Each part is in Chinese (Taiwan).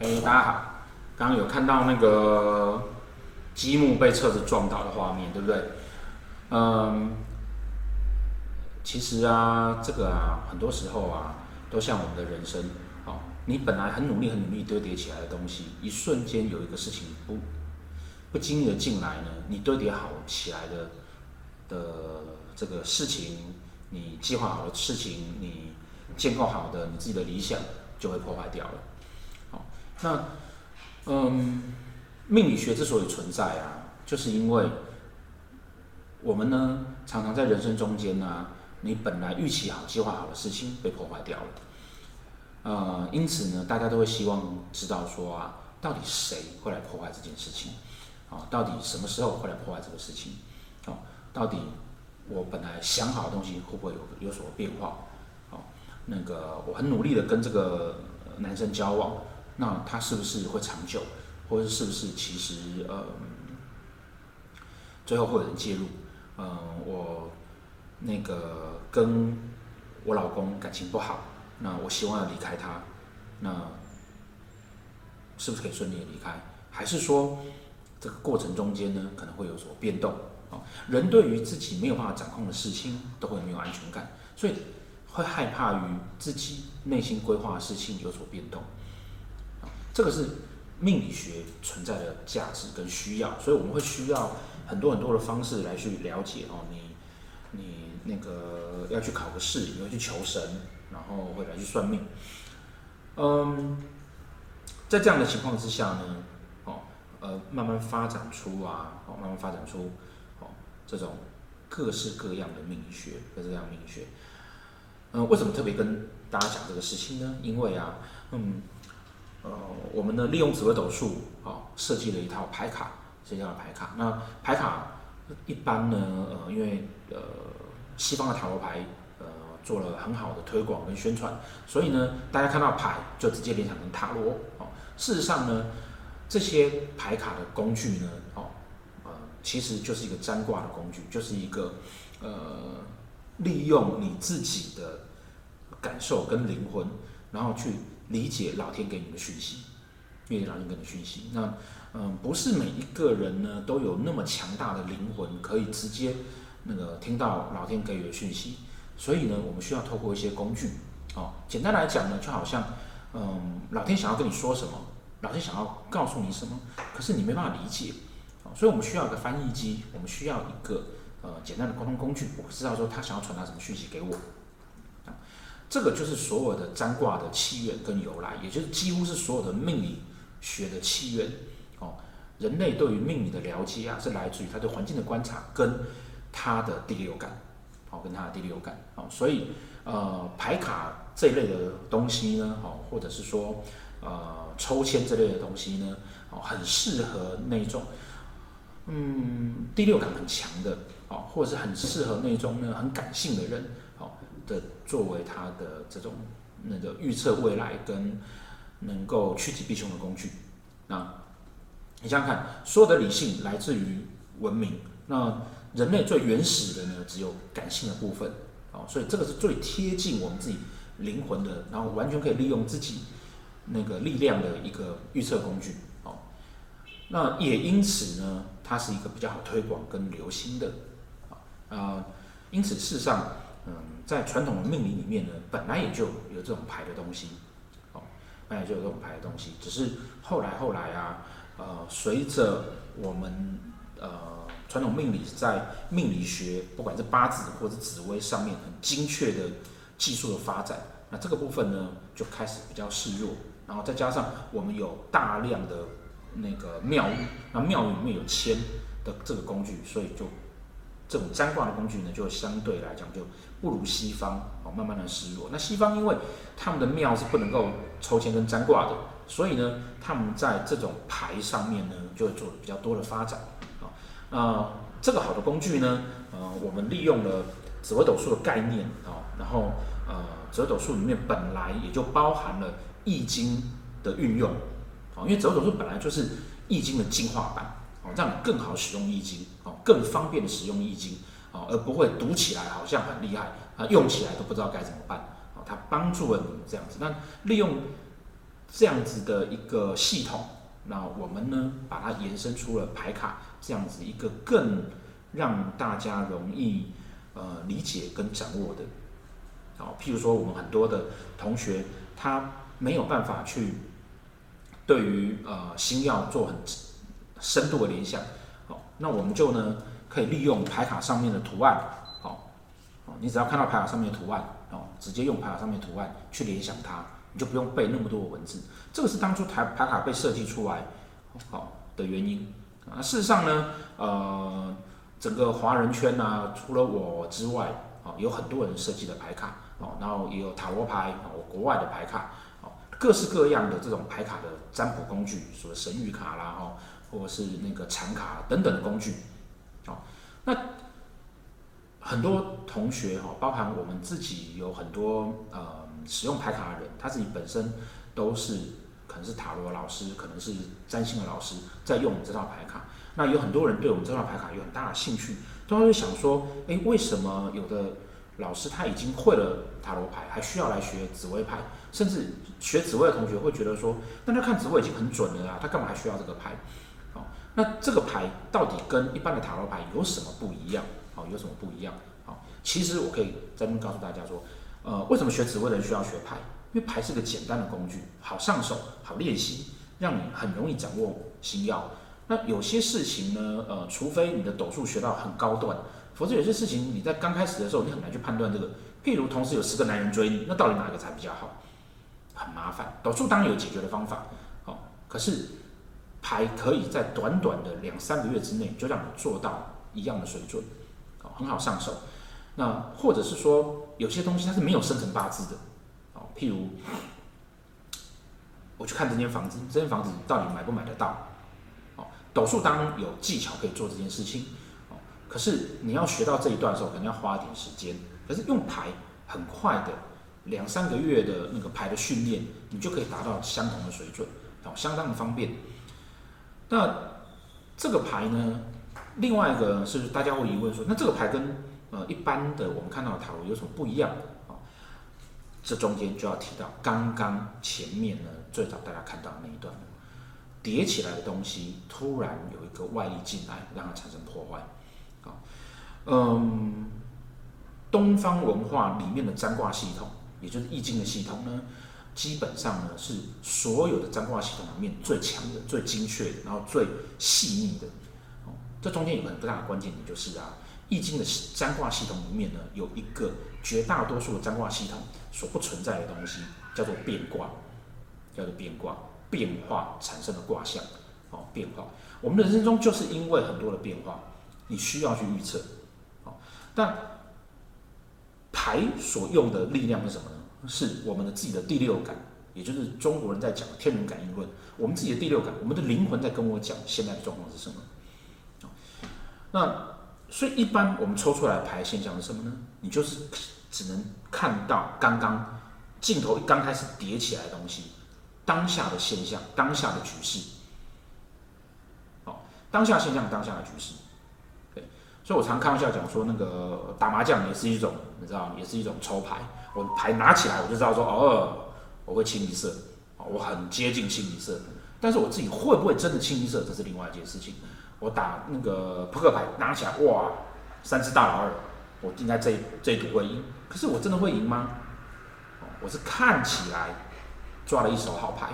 哎，大家好！剛剛有看到那個積木被車子撞倒的畫面，對不對？嗯，其實啊，這個啊，很多時候啊，都像我們的人生哦。你本來很努力、很努力堆疊起來的東西，一瞬間有一個事情不不經意的進來呢，你堆疊好起來的的這個事情，你計劃好的事情，你建構好的你自己的理想，就會破壞掉了。哦。那，嗯，命理學之所以存在啊，就是因為我們呢常常在人生中間呢、啊，你本來預期好、計劃好的事情被破壞掉了。呃，因此呢，大家都會希望知道說啊，到底誰會來破壞這件事情？啊，到底什麼時候會來破壞這個事情？啊，到底我本來想好的東西會不會有有所變化？啊，那個我很努力的跟這個男生交往。那他是不是會長久，或者是不是其實呃，最後會有人介入？嗯、呃，我那個跟我老公感情不好，那我希望要離開他，那是不是可以順利的離開？還是說這個過程中間呢，可能會有所變動？啊，人對於自己沒有辦法掌控的事情，都會沒有安全感，所以會害怕於自己內心規劃的事情有所變動。這個是命理學存在的價值跟需要，所以我們會需要很多很多的方式來去了解哦，你你那個要去考個試，你要去求神，然後會來去算命，嗯，在這樣的情況之下呢，哦，呃，慢慢發展出啊，慢慢發展出哦這種各式各樣的命理學，各式各樣的命理學，嗯，為什麼特別跟大家講這個事情呢？因為啊，嗯。呃，我們呢利用紫微斗數啊，設、哦、計了一套牌卡，這樣的牌卡。那牌卡一般呢，呃，因為呃西方的塔羅牌呃做了很好的推廣跟宣傳，所以呢，大家看到牌就直接聯想成塔羅哦，事實上呢，這些牌卡的工具呢，哦，呃，其實就是一個占卦的工具，就是一個呃，利用你自己的感受跟靈魂，然後去。理解老天給你的訊息，理解老天給你的訊息。那，嗯，不是每一個人呢都有那麼強大的靈魂，可以直接那個聽到老天給你的訊息。所以呢，我們需要透過一些工具。哦，簡單來講呢，就好像，嗯，老天想要跟你說什麼，老天想要告訴你什麼，可是你沒辦法理解。哦，所以我們需要一個翻譯機，我們需要一個呃簡單的溝通工具，我知道說他想要傳達什麼訊息給我。這個就是所有的占卦的起源跟由來，也就是幾乎是所有的命理學的起源哦。人類對於命理的了解啊，是來自於他對環境的觀察跟他的第六感，好、哦，跟他的第六感，好、哦。所以，呃，牌卡這一類的東西呢，哦，或者是說，呃，抽籤這類的東西呢，哦，很適合那種嗯第六感很強的，哦，或者是很適合那種呢很感性的人。的作為它的這種那個預測未來跟能夠趨吉避凶的工具，那你想想看，所有的理性來自於文明，那人類最原始的呢只有感性的部分，哦，所以這個是最貼近我們自己靈魂的，然後完全可以利用自己那個力量的一個預測工具，哦，那也因此呢，它是一個比較好推廣跟流行的，啊、呃，因此事實上。嗯，在傳統的命理裡面呢，本來也就有這種牌的東西，哦，本來就有這種牌的東西，只是後來後來啊，呃，隨着我們呃傳統命理在命理學，不管是八字或者紫微上面很精確的技術的發展，那這個部分呢就開始比較示弱，然後再加上我們有大量的那個廟宇，那廟宇裡面有籤的這個工具，所以就。這種佔卦的工具呢，就相對來講就不如西方哦，慢慢的失落。那西方因為他們的廟是不能夠抽籤跟占卦的，所以呢，他們在這種牌上面呢，就做了比較多的發展啊。那、哦呃、這個好的工具呢，呃，我們利用了紫微斗數的概念哦，然後呃，紫微斗數裡面本來也就包含了易經的運用、哦、因為紫微斗數本來就是易經的進化版。讓你更好使用易經，哦，更方便的使用易經，哦，而不會讀起來好像很厲害，啊，用起來都不知道該怎麼辦，哦，它幫助了你這樣子。那利用這樣子的一個系統，那我們呢，把它延伸出了牌卡這樣子一個更讓大家容易呃理解跟掌握的，好，譬如說我們很多的同學他沒有辦法去對於呃星曜做很。深度的聯想，好，那我們就呢可以利用牌卡上面的圖案，好，你只要看到牌卡上面的圖案，哦，直接用牌卡上面的圖案去聯想它，你就不用背那麼多文字。這個是當初牌牌卡被設計出來，好，的原因啊。事實上呢，呃，整個華人圈呢、啊，除了我之外，有很多人設計的牌卡，然後也有塔羅牌，我國外的牌卡，各式各樣的這種牌卡的占卜工具，什麼神諭卡啦，哦。或者是那個禪卡等等的工具，哦，好，那很多同學哈，哦，包含我們自己有很多呃使用牌卡的人，他自己本身都是可能是塔羅老師，可能是占星的老師，在用我們這套牌卡。那有很多人對我們這套牌卡有很大的興趣，都會想說，哎，欸，為什麼有的老師他已經會了塔羅牌，還需要來學紫微牌？甚至學紫微的同學會覺得說，那他看紫微已經很準了啊，他幹嘛還需要這個牌？那這個牌到底跟一般的塔羅牌有什麼不一樣？好，有什麼不一樣？好，其實我可以在那邊告訴大家說，呃，為什麼學紫微的人需要學牌？因為牌是個簡單的工具，好上手，好練習，讓你很容易掌握星曜。那有些事情呢，呃，除非你的斗數學到很高段，否則有些事情你在剛開始的時候你很難去判斷這個。譬如同時有十個男人追你，那到底哪一個才比較好？很麻煩。斗數當然有解決的方法，好，可是。牌可以在短短的兩三個月之內就讓你做到一樣的水準，哦，很好上手。那或者是說，有些東西它是沒有生辰八字的，哦，譬如我去看這間房子，這間房子到底買不買得到？哦，斗數當然有技巧可以做這件事情，哦，可是你要學到這一段的時候，肯定要花一點時間。可是用牌很快的，兩三個月的那個牌的訓練，你就可以達到相同的水準，哦，相當的方便。那這個牌呢，另外一個是，是大家會疑問說，那這個牌跟呃一般的我們看到的塔羅有什麼不一樣啊，哦？這中間就要提到剛剛前面呢，最早大家看到的那一段疊起來的東西，突然有一個外力進來，讓它產生破壞。啊、哦，嗯，東方文化裡面的占卦系統，也就是易經的系統呢，基本上呢，是所有的占卦系統裡面最強的、最精確的，然後最細膩的。哦，這中間有個很大的關鍵點，就是啊，《易經》的占卦系統裡面呢，有一個絕大多數的占卦系統所不存在的東西，叫做變卦，叫做變卦，變化產生的卦象。哦，變化，我們的人生中就是因為很多的變化，你需要去預測。好、哦，但牌所用的力量是什麼呢？是我們的自己的第六感，也就是中國人在講天人感應論。我們自己的第六感，我們的靈魂在跟我講現在的狀況是什麼。那所以一般我們抽出來的牌現象是什麼呢？你就是只能看到剛剛鏡頭一剛開始疊起來的東西，當下的現象，當下的局勢。好，當下現象，當下的局勢。對，所以我常開玩笑講說，那個打麻將也是一種，你知道，也是一種抽牌。我牌拿起來，我就知道說，哦，我會清一色，我很接近清一色，但是我自己會不會真的清一色，這是另外一件事情。我打那個撲克牌，拿起來，哇，三隻大老二，我應該這這組會贏，可是我真的會贏嗎？我是看起來抓了一手好牌，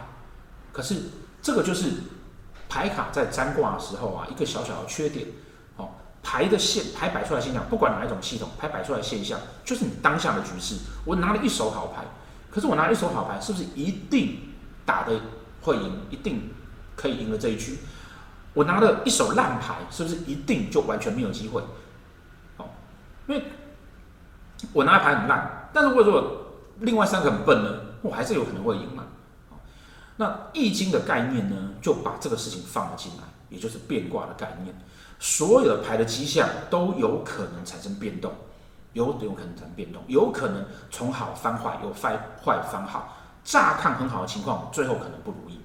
可是這個就是牌卡在占卦的時候啊，一個小小的缺點。牌的現牌擺出來現象，不管哪一種系統，牌擺出來現象就是你當下的局勢。我拿了一手好牌，可是我拿一手好牌，是不是一定打得會贏，一定可以贏了這一局？我拿了一手爛牌，是不是一定就完全沒有機會？哦，因為我拿的牌很爛，但是如果如果另外三個很笨呢，我還是有可能會贏嘛、啊哦。那易經的概念呢，就把這個事情放了進來，也就是變卦的概念。所有的牌的跡象都有可能產生變動，有有可能產生變動，有可能從好翻壞，有壞壞翻好。乍看很好的情況，最後可能不如意。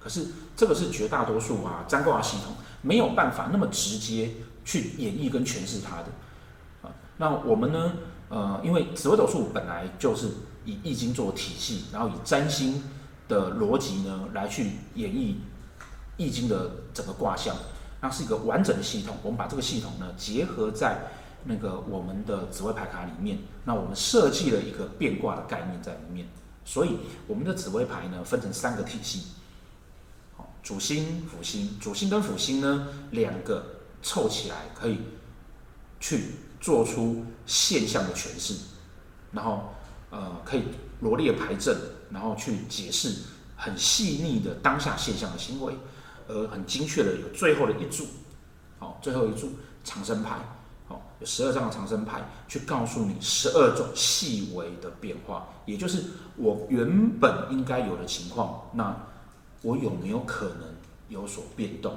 可是這個是絕大多數啊，占卦系統沒有辦法那麼直接去演繹跟詮釋它的啊。那我們呢，呃，因爲紫微斗數本來就是以易經做體系，然後以占星的邏輯呢來去演繹易，易經的整個卦象。那是一個完整的系統，我們把這個系統呢結合在那個我們的紫微牌卡裡面。那我們設計了一個變卦的概念在裡面，所以我們的紫微牌呢分成三個體系，好，主星、輔星，主星跟輔星呢兩個湊起來可以去做出現象的詮釋，然後呃可以羅列牌陣，然後去解釋很細膩的當下現象的行為。而很精確的有最後的一組，好，最後一組長生牌，好，有十二張的長生牌去告訴你十二種細微的變化，也就是我原本應該有的情況，那我有沒有可能有所變動？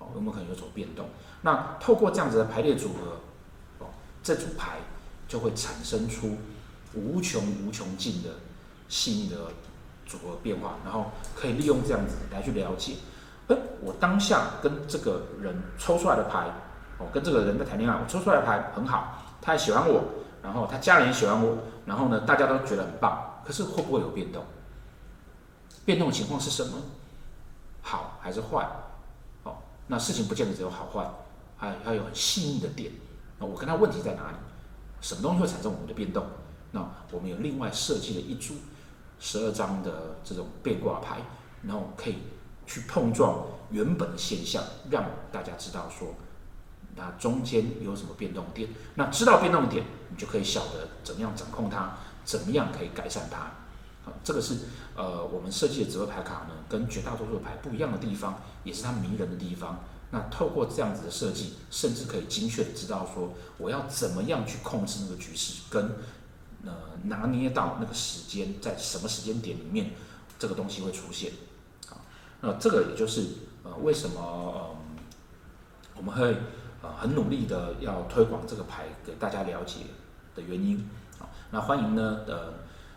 哦，有沒有可能有所變動？那透過這樣子的排列組合，哦，這組牌就會產生出無窮無窮盡的細膩的組合變化，然後可以利用這樣子來去了解。哎，我當下跟這個人抽出來的牌，哦，跟這個人在談戀愛，我抽出來的牌很好，他也喜歡我，然後他家裡人也喜歡我，然後呢，大家都覺得很棒。可是會不會有變動？變動的情況是什麼？好還是壞？哦，那事情不見得只有好壞，還要有很細膩的點。那我跟他問題在哪裡？什麼東西會產生我們的變動？那我們有另外設計了一組十二張的這種變卦牌，然後可以。去碰撞原本的現象，讓大家知道說，那中間有什麼變動點？那知道變動點，你就可以曉得怎麼樣掌控它，怎麼樣可以改善它。啊，這個是呃我們設計的紫微牌卡呢，跟絕大多數的牌不一樣的地方，也是它迷人的地方。那透過這樣子的設計，甚至可以精確的知道說，我要怎麼樣去控制那個局勢，跟呃拿捏到那個時間，在什麼時間點裡面，這個東西會出現。那這個也就是呃為什麼嗯，我們會呃很努力的要推廣這個牌給大家了解的原因啊。那歡迎呢呃，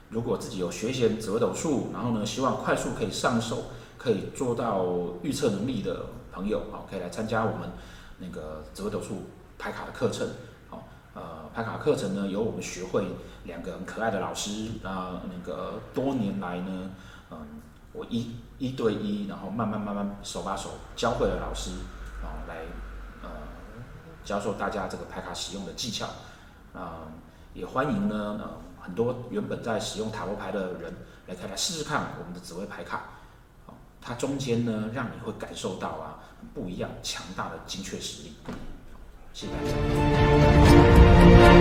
如果自己有學習紫微斗數，然後呢希望快速可以上手，可以做到預測能力的朋友啊，可以來參加我們那個紫微斗數牌卡的課程啊。呃牌卡課程呢，由我們學會兩個很可愛的老師啊，那，那個多年來呢嗯。呃我一一對一，然後慢慢慢慢手把手教會了老師，然後來呃教授大家這個牌卡使用的技巧。嗯、呃，也歡迎呢，呃，很多原本在使用塔羅牌的人來看看，試試看我們的紫微牌卡哦。它中間呢讓你會感受到啊不一樣強大的精確實力。哦，謝謝大家。謝謝大家。